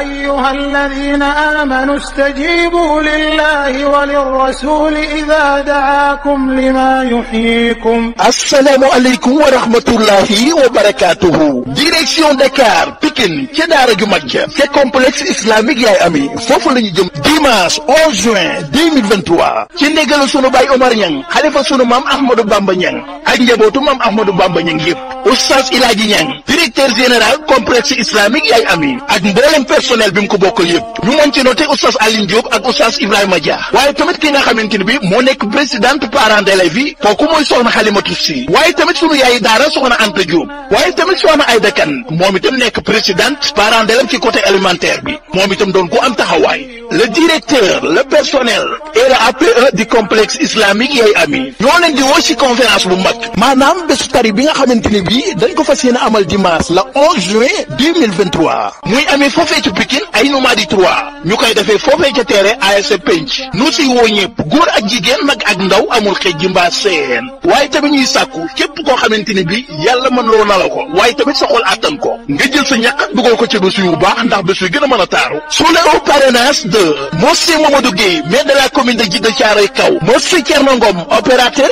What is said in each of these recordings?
أيها الذين آمنوا استجيبوا لله وللرسول إذا دعاكم لما يحييكم السلام عليكم ورحمة الله وبركاته direction Dakar Pikine ca a ju mag ja ca complexe islamique yaay ami foofu la ñu jëm dimanche 11 juin 2023 ci ndégalu sunu baay Omar Niang xalifa sunu maam Ahmadou Bamba Niang ak njabootu maam Ahmadou Bamba Niang yëpp oustaz Ilaaji Ñang directeur général complexe islamique yaay ami ak mboolem personnel bi mu ko bokkal yëpp ñu mën ci noté oustaz Aline Diop ak oustaz Ibrahima Dia waaye tamit ki nga xamante ni bi moo nekk présidente parents d'élèves yi kooku mooy soxna Xalimatu Si waaye tamit sunu yaay daara soxna Anta Diop waaye tamit soxna Ayda Kan moom itam nekk présidente parents d'élèves ci côté alimentaire bi moom itam doon ko am taxawaay le directeur le personnel et le APE du complexe islamique yaay ami ñoo leen di woo ci conférence bu mag maanaam bi nga xamante ni bi dañ ko fas yéene amal dimanche la 11 juin 2023 muy amee foofee ci Pikine ay nomadi 3 ñu koy defee foofee ca terrain ASC Penc nu si woo ñëpp góor ak jigéen mag ak ndaw amul xëj ji seen waaye tamit ñuy sàkku képp koo xamante ni bi yàlla mën loo na la ko waaye tamit sa xol àttan ko nga jël sa ñàkk dugal ko ci bés yu baax ndax bés yu gën a mën a taaru sous le parrainage de monsieur Mamadou a maire de la commune de Djiddah Thiaroye Kao monsieur Thierno Ngom opérateur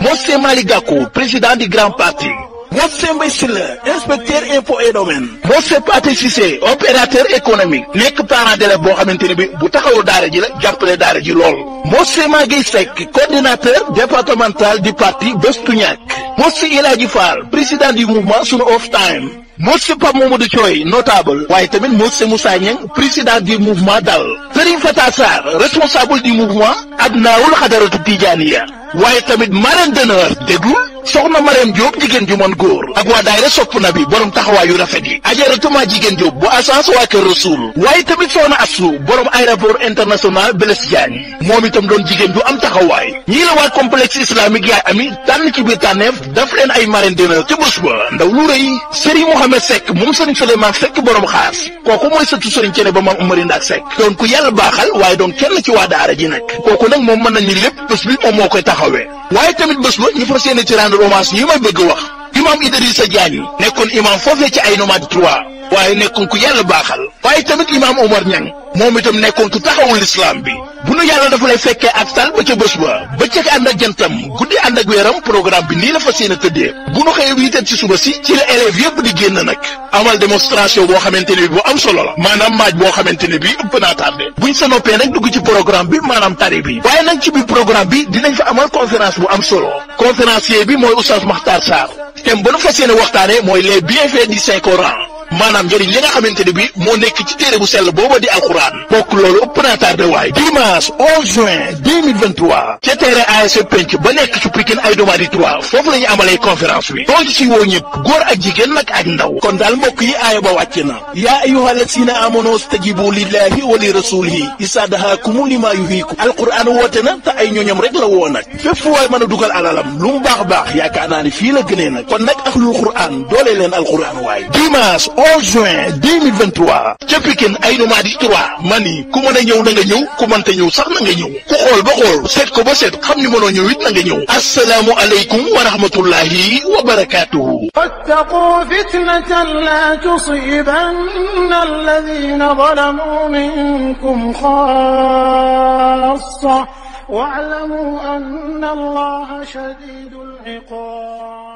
Mose Mali Gakou, président du Grand Parti Monsieur Mbaye Sylla inspecteur impôt et domaine Monsieur Pathé économique nekk parent d'élève boo xamante ne bi bu taxawul daara ji la jàppale daara ji lool Monsieur Maguey Seck coordinateur départemental di parti Bestu Ñakk Monsieur El Hadji Fall président du mouvement Sunu Off Time Monsieur Pape Mamadou Thioy notable waaye tamit Monsieur Moussa Niang président du mouvement dal Serigne Fata Sarr responsable du mouvement Adnaawul Xadaratu Tijaaniya waaye tamit marraine soxna Mariam Diop jigéen ju mën góor ak waa daayira sopp na bi borom taxawaayu rafet yi ajaratuma jigéen Diop bu assance waa kër Rasoul waaye tamit soxna Assu borom aéroport international Blaise moom itam doon jigéen ju am taxawaay ñii la waa complexe islamique yaay ami tànn ci biir tànneef daf leen ay marraine d'honneur ca bés ba ndaw lu rëy Serigne Mohamed Seck moom Serigne Souleymane Seck borom xaas kooku mooy sëtu Serigne Cene ba maam Umari Ndaak Seck hommage ñi ma bëgg wax imam Idrissa Diagne nekkoon imam foofu la ci ay nomade 3 waaye nekkoon ku yàlla baaxal waaye tamit imaam Omar Niang moom itam nekkoon ku taxawul lislaam bi bu nu yàlla dafa lay fekkee ak tal ba ca bés ba bëccëg ànd ak jantam guddi ànd ak weeram programme bi nii la fas yéene tëddee bu nu xëyee wiital ci suba si ci la élèves yëpp di génn nag amal démonstration boo xamante ne bi bu am solo la maanaam maaj boo xamante ne bi ëpp naa tardé buñ sa noppee nag dugg ci programme bi maanaam tari bi waaye nag ci biir bi dinañ fa amal conférence bu solo conférencier bi mooy Oustaz Makhtar Sarr thème ba nu fas yéene waxtaanee mooy maanaam njëriñ li nga xamante ne bi moo nekk ci téere bu sell booba di alxuraan bokk loolu ëpp naa tardé waay dimanche 11 juin ca terrain ASC e penc ba nekk ci Pikine ay domaadi 3 foofu la ñu amalee conférence bi dool ci woo ñëpp góor ak jigéen nag ak ndaw kon daal mbokk yi aaya ba wàcc na yaa ayyuhal lazina amanu stajibu lillahi wa li rasulihi isa dahakumu lima yuhiku alxuraan woote na te ay ñoñom rek la woo nag fépp fu waay mën a dugal alalam lu mu baax baax yaakaar naa ne fii la gënee kon nag ahlul xuraan doole leen alxuraan waay 11 juin 2023 ca Pikine ay nomades 3 mani ku mën a ñëw na nga ñëw ku mënta ñëw sax na nga ñëw ku xool ba xool seet ko ba seet xam ni mënoo ñëw it na nga ñëw asalaamu aleykum wa rahmatullahi wa barakaatuhu wattaqu fitnatan la tusibanna alladina zalamu minkum xaassa واعلموا أن الله شديد العقاب